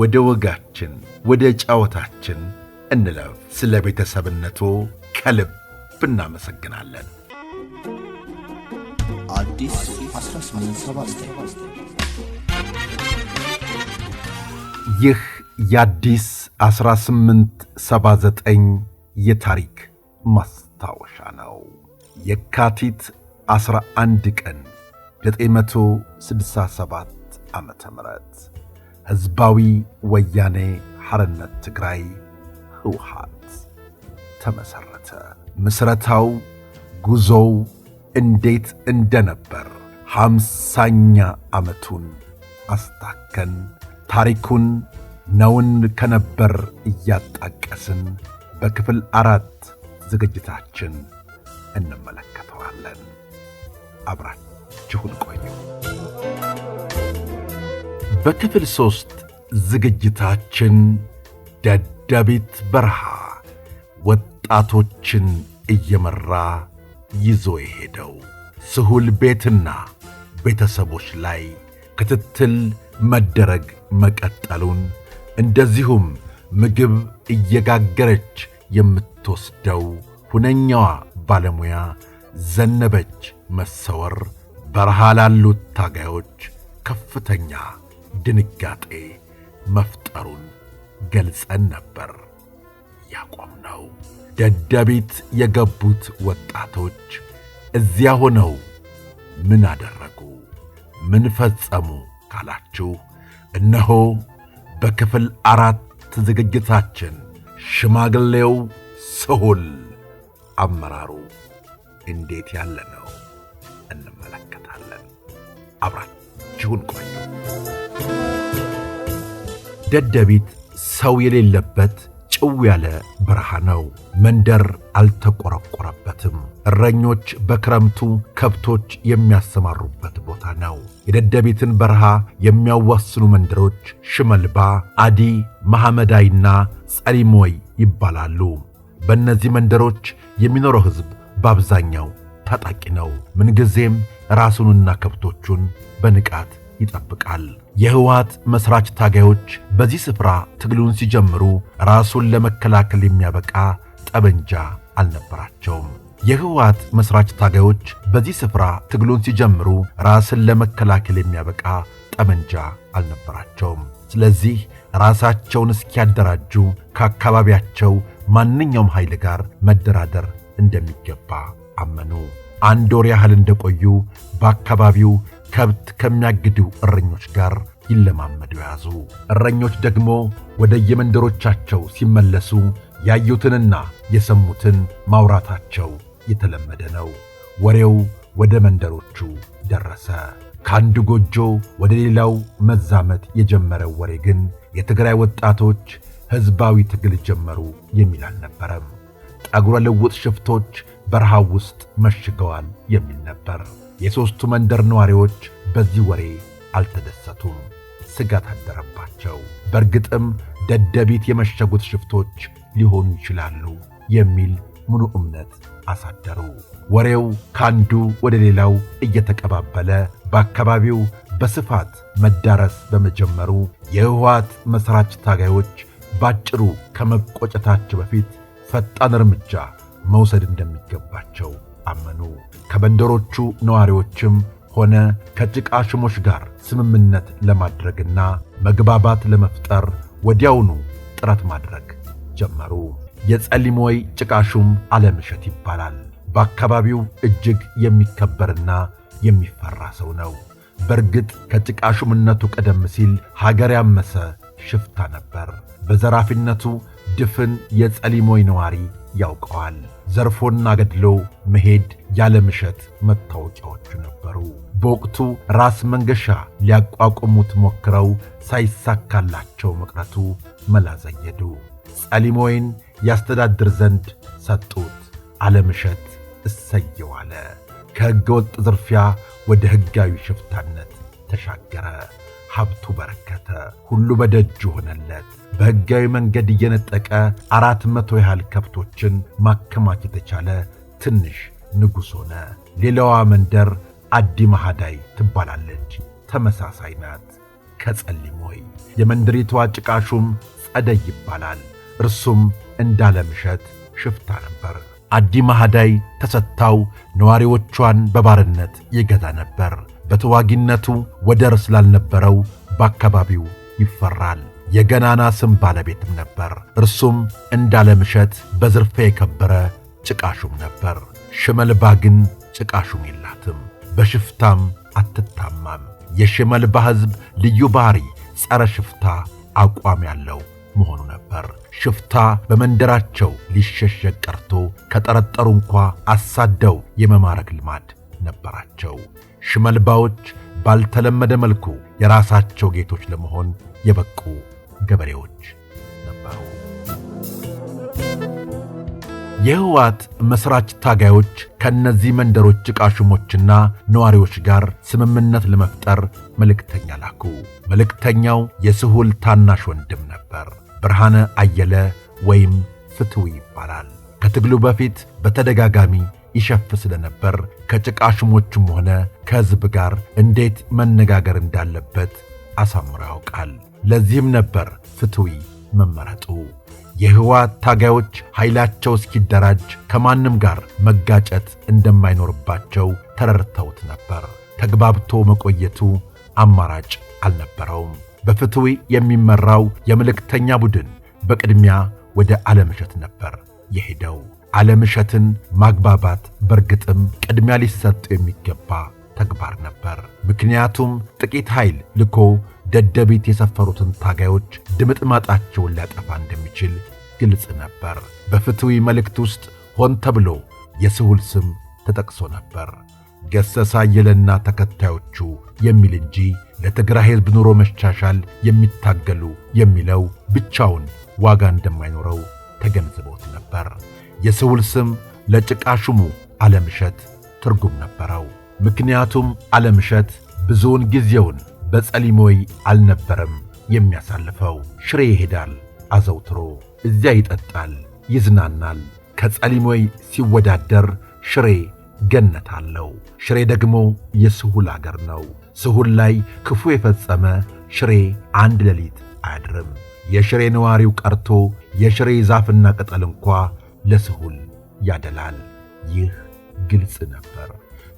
ወደ ወጋችን ወደ ጫወታችን እንለፍ። ስለ ቤተሰብነቱ ከልብ እናመሰግናለን። ይህ የአዲስ 1879 የታሪክ ማስታወሻ ነው። የካቲት 11 ቀን 967 ዓ ም ሕዝባዊ ወያኔ ሐርነት ትግራይ ህውሃት ተመሠረተ። ምስረታው ጉዞው እንዴት እንደነበር ሃምሳኛ ዓመቱን አስታከን ታሪኩን ነውን ከነበር እያጣቀስን በክፍል አራት ዝግጅታችን እንመለከተዋለን። አብራችሁን ቆዩ። በክፍል ሦስት ዝግጅታችን ደደቢት በረሃ ወጣቶችን እየመራ ይዞ የሄደው ስሁል ቤትና ቤተሰቦች ላይ ክትትል መደረግ መቀጠሉን እንደዚሁም ምግብ እየጋገረች የምትወስደው ሁነኛዋ ባለሙያ ዘነበች መሰወር በረሃ ላሉት ታጋዮች ከፍተኛ ድንጋጤ መፍጠሩን ገልጸን ነበር። ያቆም ነው ደደቢት የገቡት ወጣቶች እዚያ ሆነው ምን አደረጉ፣ ምን ፈጸሙ ካላችሁ እነሆ በክፍል አራት ዝግጅታችን ሽማግሌው ስሁል አመራሩ እንዴት ያለ ነው እንመለከታለን። አብራችሁን ቆዩ። ደደቢት ሰው የሌለበት ጭው ያለ በረሃ ነው። መንደር አልተቆረቆረበትም። እረኞች በክረምቱ ከብቶች የሚያሰማሩበት ቦታ ነው። የደደቢትን በረሃ የሚያዋስኑ መንደሮች ሽመልባ፣ አዲ፣ መሐመዳይና ጸሊሞይ ይባላሉ። በእነዚህ መንደሮች የሚኖረው ሕዝብ በአብዛኛው ታጣቂ ነው። ምንጊዜም ራሱንና ከብቶቹን በንቃት ይጠብቃል። የህወሓት መስራች ታጋዮች በዚህ ስፍራ ትግሉን ሲጀምሩ ራሱን ለመከላከል የሚያበቃ ጠበንጃ አልነበራቸውም። የህወሓት መስራች ታጋዮች በዚህ ስፍራ ትግሉን ሲጀምሩ ራስን ለመከላከል የሚያበቃ ጠመንጃ አልነበራቸውም። ስለዚህ ራሳቸውን እስኪያደራጁ ከአካባቢያቸው ማንኛውም ኃይል ጋር መደራደር እንደሚገባ አመኑ። አንድ ወር ያህል እንደቆዩ በአካባቢው ከብት ከሚያግዱ እረኞች ጋር ይለማመዱ ያዙ። እረኞች ደግሞ ወደ የመንደሮቻቸው ሲመለሱ ያዩትንና የሰሙትን ማውራታቸው የተለመደ ነው። ወሬው ወደ መንደሮቹ ደረሰ። ከአንድ ጎጆ ወደ ሌላው መዛመት የጀመረው ወሬ ግን የትግራይ ወጣቶች ሕዝባዊ ትግል ጀመሩ የሚል አልነበረም። ጠጉረ ልውጥ ሽፍቶች በረሃው ውስጥ መሽገዋል የሚል ነበር። የሦስቱ መንደር ነዋሪዎች በዚህ ወሬ አልተደሰቱም፣ ስጋት አደረባቸው። በእርግጥም ደደቢት የመሸጉት ሽፍቶች ሊሆኑ ይችላሉ የሚል ምኑ እምነት አሳደሩ። ወሬው ከአንዱ ወደ ሌላው እየተቀባበለ በአካባቢው በስፋት መዳረስ በመጀመሩ የህወሓት መሥራች ታጋዮች ባጭሩ ከመቆጨታቸው በፊት ፈጣን እርምጃ መውሰድ እንደሚገባቸው አመኑ። ከመንደሮቹ ነዋሪዎችም ሆነ ከጭቃሽሞች ጋር ስምምነት ለማድረግና መግባባት ለመፍጠር ወዲያውኑ ጥረት ማድረግ ጀመሩ። የጸሊሞይ ጭቃሹም አለምሸት ይባላል። በአካባቢው እጅግ የሚከበርና የሚፈራ ሰው ነው። በእርግጥ ከጭቃሹምነቱ ቀደም ሲል ሀገር ያመሰ ሽፍታ ነበር። በዘራፊነቱ ድፍን የጸሊሞይ ነዋሪ ያውቀዋል። ዘርፎና አገድሎ መሄድ ያለ ምሸት መታወቂያዎቹ ነበሩ። በወቅቱ ራስ መንገሻ ሊያቋቁሙት ሞክረው ሳይሳካላቸው መቅረቱ መላዘየዱ። ጸሊሞይን ያስተዳድር ዘንድ ሰጡት። አለምሸት እሰየው አለ። ከሕገ ወጥ ዝርፊያ ወደ ሕጋዊ ሽፍታነት ተሻገረ። ሀብቱ በረከተ፣ ሁሉ በደጅ ሆነለት። በሕጋዊ መንገድ እየነጠቀ አራት መቶ ያህል ከብቶችን ማከማች የተቻለ ትንሽ ንጉሥ ሆነ። ሌላዋ መንደር አዲ ማሃዳይ ትባላለች። ተመሳሳይ ናት። ከጸሊሞይ የመንደሪቷ ጭቃሹም ጸደይ ይባላል። እርሱም እንዳለምሸት ሽፍታ ነበር። አዲ ማሃዳይ ተሰጥታው ነዋሪዎቿን በባርነት ይገዛ ነበር። በተዋጊነቱ ወደር ስላልነበረው በአካባቢው ይፈራል። የገናና ስም ባለቤትም ነበር። እርሱም እንዳለምሸት በዝርፌ የከበረ ጭቃሹም ነበር። ሽመልባ ግን ጭቃሹም የላትም፣ በሽፍታም አትታማም። የሽመልባ ሕዝብ ልዩ ባሕሪ ጸረ ሽፍታ አቋም ያለው መሆኑ ነበር። ሽፍታ በመንደራቸው ሊሸሸግ ቀርቶ ከጠረጠሩ እንኳ አሳደው የመማረክ ልማድ ነበራቸው። ሽመልባዎች ባልተለመደ መልኩ የራሳቸው ጌቶች ለመሆን የበቁ ገበሬዎች ነበሩ። የህወሓት መሥራች ታጋዮች ከእነዚህ መንደሮች ጭቃ ሹሞችና ነዋሪዎች ጋር ስምምነት ለመፍጠር መልእክተኛ ላኩ። መልእክተኛው የስሁል ታናሽ ወንድም ነበር። ብርሃነ አየለ ወይም ፍትዊ ይባላል። ከትግሉ በፊት በተደጋጋሚ ይሸፍ ስለነበር ከጭቃሽሞቹም ሆነ ከሕዝብ ጋር እንዴት መነጋገር እንዳለበት አሳምሮ ያውቃል። ለዚህም ነበር ፍትዊ መመረጡ። የሕወሓት ታጋዮች ኃይላቸው እስኪደራጅ ከማንም ጋር መጋጨት እንደማይኖርባቸው ተረድተውት ነበር። ተግባብቶ መቆየቱ አማራጭ አልነበረውም። በፍትዊ የሚመራው የመልእክተኛ ቡድን በቅድሚያ ወደ አለምሸት ነበር የሄደው። አለምሸትን ማግባባት በርግጥም ቅድሚያ ሊሰጥ የሚገባ ተግባር ነበር። ምክንያቱም ጥቂት ኃይል ልኮ ደደቢት የሰፈሩትን ታጋዮች ድምጥማጣቸውን ሊያጠፋ እንደሚችል ግልጽ ነበር። በፍትዊ መልእክት ውስጥ ሆን ተብሎ የስሁል ስም ተጠቅሶ ነበር። ገሰሳ አየለና ተከታዮቹ የሚል እንጂ ለትግራይ ሕዝብ ኑሮ መሻሻል የሚታገሉ የሚለው ብቻውን ዋጋ እንደማይኖረው ተገንዝቦት ነበር። የሰውል ስም ለጭቃ ሹሙ ትርጉም ነበረው። ምክንያቱም አለምሸት ብዙውን ጊዜውን በጸሊሞይ አልነበረም የሚያሳልፈው። ሽሬ ይሄዳል አዘውትሮ፣ እዚያ ይጠጣል፣ ይዝናናል። ከጸሊሞይ ሲወዳደር ሽሬ ገነት አለው። ሽሬ ደግሞ የስሁል አገር ነው። ስሁል ላይ ክፉ የፈጸመ ሽሬ አንድ ሌሊት አያድርም። የሽሬ ነዋሪው ቀርቶ የሽሬ ዛፍና ቅጠል እንኳ ለስሁል ያደላል። ይህ ግልጽ ነበር።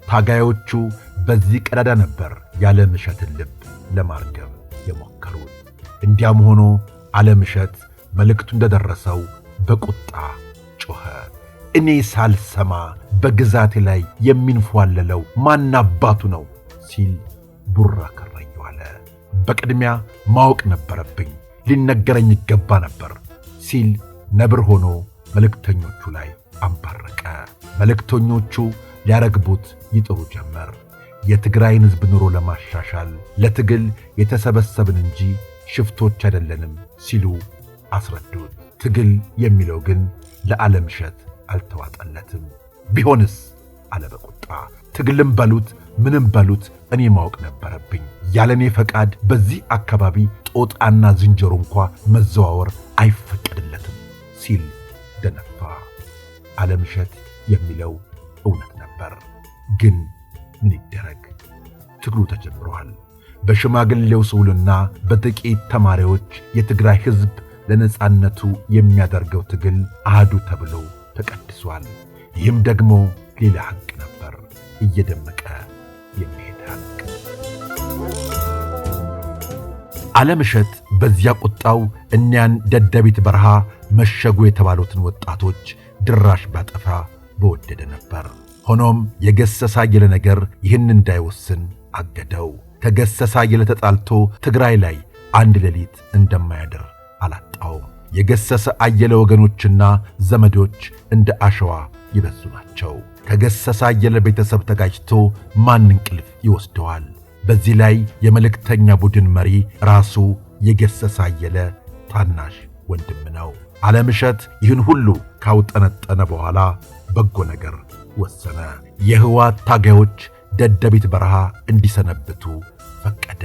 ታጋዮቹ በዚህ ቀዳዳ ነበር የዓለምሸትን ልብ ለማርገብ የሞከሩት። እንዲያም ሆኖ ዓለምሸት መልእክቱ እንደደረሰው በቁጣ ጮኸ። እኔ ሳልሰማ በግዛቴ ላይ የሚንፏለለው ማን አባቱ ነው ሲል ቡራ ከረዩ አለ። በቅድሚያ ማወቅ ነበረብኝ፣ ሊነገረኝ ይገባ ነበር ሲል ነብር ሆኖ መልእክተኞቹ ላይ አንበረቀ። መልእክተኞቹ ሊያረግቡት ይጥሩ ጀመር። የትግራይን ሕዝብ ኑሮ ለማሻሻል ለትግል የተሰበሰብን እንጂ ሽፍቶች አይደለንም ሲሉ አስረዱት። ትግል የሚለው ግን ለዓለም እሸት አልተዋጠለትም። ቢሆንስ አለ በቁጣ ትግልም በሉት ምንም በሉት እኔ ማወቅ ነበረብኝ። ያለኔ ፈቃድ በዚህ አካባቢ ጦጣና ዝንጀሮ እንኳ መዘዋወር አይፈቀድለትም። ደነፋ። አለምሸት የሚለው እውነት ነበር። ግን ምን ይደረግ፣ ትግሉ ተጀምሯል። በሽማግሌው ስውልና በጥቂት ተማሪዎች የትግራይ ሕዝብ ለነጻነቱ የሚያደርገው ትግል አህዱ ተብሎ ተቀድሷል። ይህም ደግሞ ሌላ ሐቅ ነበር፣ እየደመቀ የሚሄድ ሐቅ። አለምሸት በዚያ ቁጣው እኒያን ደደቢት በረሃ መሸጉ የተባሉትን ወጣቶች ድራሽ ባጠፋ በወደደ ነበር። ሆኖም የገሰሳ አየለ ነገር ይህን እንዳይወስን አገደው። ከገሰሳ አየለ ተጣልቶ ትግራይ ላይ አንድ ሌሊት እንደማያድር አላጣውም። የገሰሰ አየለ ወገኖችና ዘመዶች እንደ አሸዋ ይበዙ ናቸው። ከገሰሰ አየለ ቤተሰብ ተጋጅቶ ማን እንቅልፍ ይወስደዋል? በዚህ ላይ የመልእክተኛ ቡድን መሪ ራሱ የገሰሰ አየለ ታናሽ ወንድም ነው። አለምሸት ይህን ሁሉ ካውጠነጠነ በኋላ በጎ ነገር ወሰነ። የህወሓት ታጋዮች ደደቢት በረሃ እንዲሰነብቱ ፈቀደ።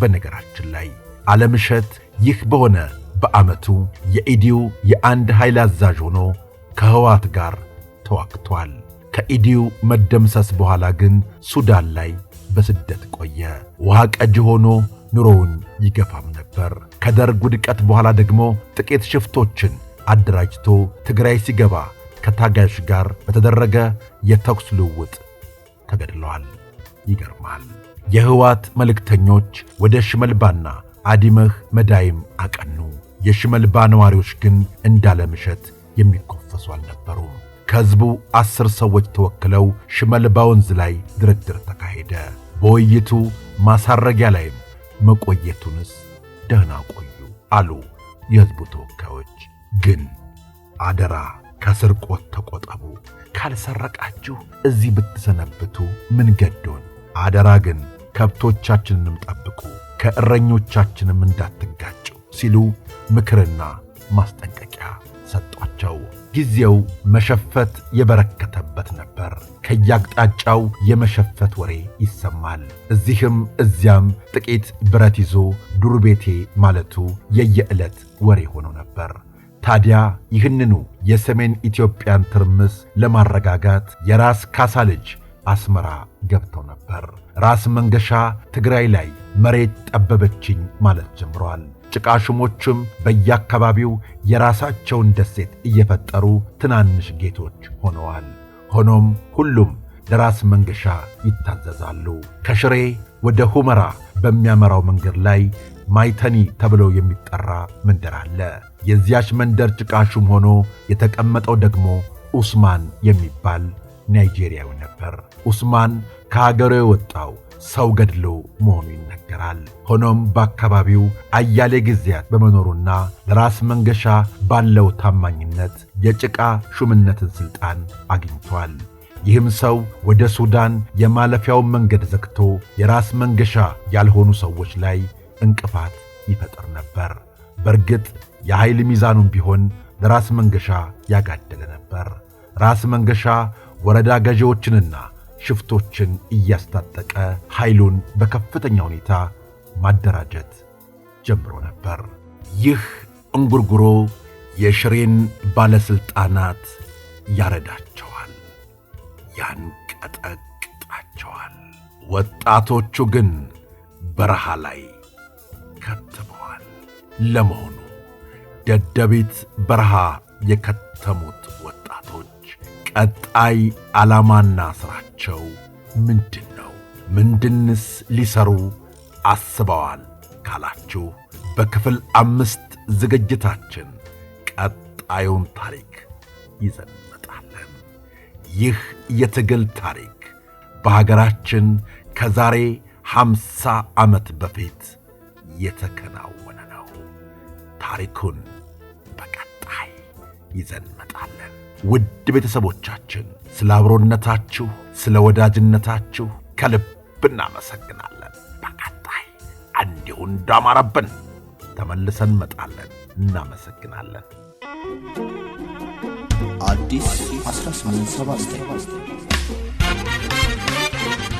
በነገራችን ላይ አለምሸት ይህ በሆነ በዓመቱ የኢዲው የአንድ ኃይል አዛዥ ሆኖ ከህወሓት ጋር ተዋግቷል። ከኢዲዩ መደምሰስ በኋላ ግን ሱዳን ላይ በስደት ቆየ። ውሃ ቀጂ ሆኖ ኑሮውን ይገፋም ነበር። ከደርግ ውድቀት በኋላ ደግሞ ጥቂት ሽፍቶችን አደራጅቶ ትግራይ ሲገባ ከታጋዮች ጋር በተደረገ የተኩስ ልውውጥ ተገድለዋል። ይገርማል። የህወሓት መልእክተኞች ወደ ሽመልባና አዲመህ መዳይም አቀኑ። የሽመልባ ነዋሪዎች ግን እንዳለ ምሸት የሚኮፈሱ አልነበሩም። ከሕዝቡ አስር ሰዎች ተወክለው ሽመልባ ወንዝ ላይ ድርድር ተካሄደ። በውይይቱ ማሳረጊያ ላይም መቆየቱንስ ደህና ቆዩ አሉ የሕዝቡ ተወካዮች። ግን አደራ ከስርቆት ተቆጠቡ፣ ካልሰረቃችሁ እዚህ ብትሰነብቱ ምን ገዶን። አደራ ግን ከብቶቻችንንም ጠብቁ፣ ከእረኞቻችንም እንዳትጋጩ ሲሉ ምክርና ማስጠንቀቂያ ሰጧቸው። ጊዜው መሸፈት የበረከተበት ነበር። ከያቅጣጫው የመሸፈት ወሬ ይሰማል። እዚህም እዚያም ጥቂት ብረት ይዞ ዱር ቤቴ ማለቱ የየዕለት ወሬ ሆኖ ነበር። ታዲያ ይህንኑ የሰሜን ኢትዮጵያን ትርምስ ለማረጋጋት የራስ ካሳ ልጅ አስመራ ገብተው ነበር። ራስ መንገሻ ትግራይ ላይ መሬት ጠበበችኝ ማለት ጀምሯል። ጭቃሽሞችም በየአካባቢው የራሳቸውን ደሴት እየፈጠሩ ትናንሽ ጌቶች ሆነዋል። ሆኖም ሁሉም ለራስ መንገሻ ይታዘዛሉ። ከሽሬ ወደ ሁመራ በሚያመራው መንገድ ላይ ማይተኒ ተብሎ የሚጠራ መንደር አለ። የዚያች መንደር ጭቃሹም ሆኖ የተቀመጠው ደግሞ ኡስማን የሚባል ናይጄሪያዊ ነበር። ኡስማን ከሀገሩ የወጣው ሰው ገድሎ መሆኑ ይነገራል። ሆኖም በአካባቢው አያሌ ጊዜያት በመኖሩና ለራስ መንገሻ ባለው ታማኝነት የጭቃ ሹምነትን ሥልጣን አግኝቷል። ይህም ሰው ወደ ሱዳን የማለፊያውን መንገድ ዘግቶ የራስ መንገሻ ያልሆኑ ሰዎች ላይ እንቅፋት ይፈጥር ነበር። በእርግጥ የኃይል ሚዛኑም ቢሆን ለራስ መንገሻ ያጋደለ ነበር። ራስ መንገሻ ወረዳ ገዢዎችንና ሽፍቶችን እያስታጠቀ ኃይሉን በከፍተኛ ሁኔታ ማደራጀት ጀምሮ ነበር። ይህ እንጉርጉሮ የሽሬን ባለሥልጣናት ያረዳቸዋል፣ ያንቀጠቅጣቸዋል። ወጣቶቹ ግን በረሃ ላይ ከትመዋል። ለመሆኑ ደደቢት በረሃ የከተሙት ወጣቶች ቀጣይ ዓላማና ምንድን ነው? ምንድንስ ሊሰሩ አስበዋል ካላችሁ በክፍል አምስት ዝግጅታችን ቀጣዩን ታሪክ ይዘንመጣለን። ይህ የትግል ታሪክ በሀገራችን ከዛሬ ሐምሳ ዓመት በፊት የተከናወነ ነው። ታሪኩን በቀጣይ ይዘንመጣለን። ውድ ቤተሰቦቻችን ስለ አብሮነታችሁ፣ ስለ ወዳጅነታችሁ ከልብ እናመሰግናለን። በቀጣይ እንዲሁ እንዳማረብን ተመልሰን እንመጣለን። እናመሰግናለን። አዲስ 1879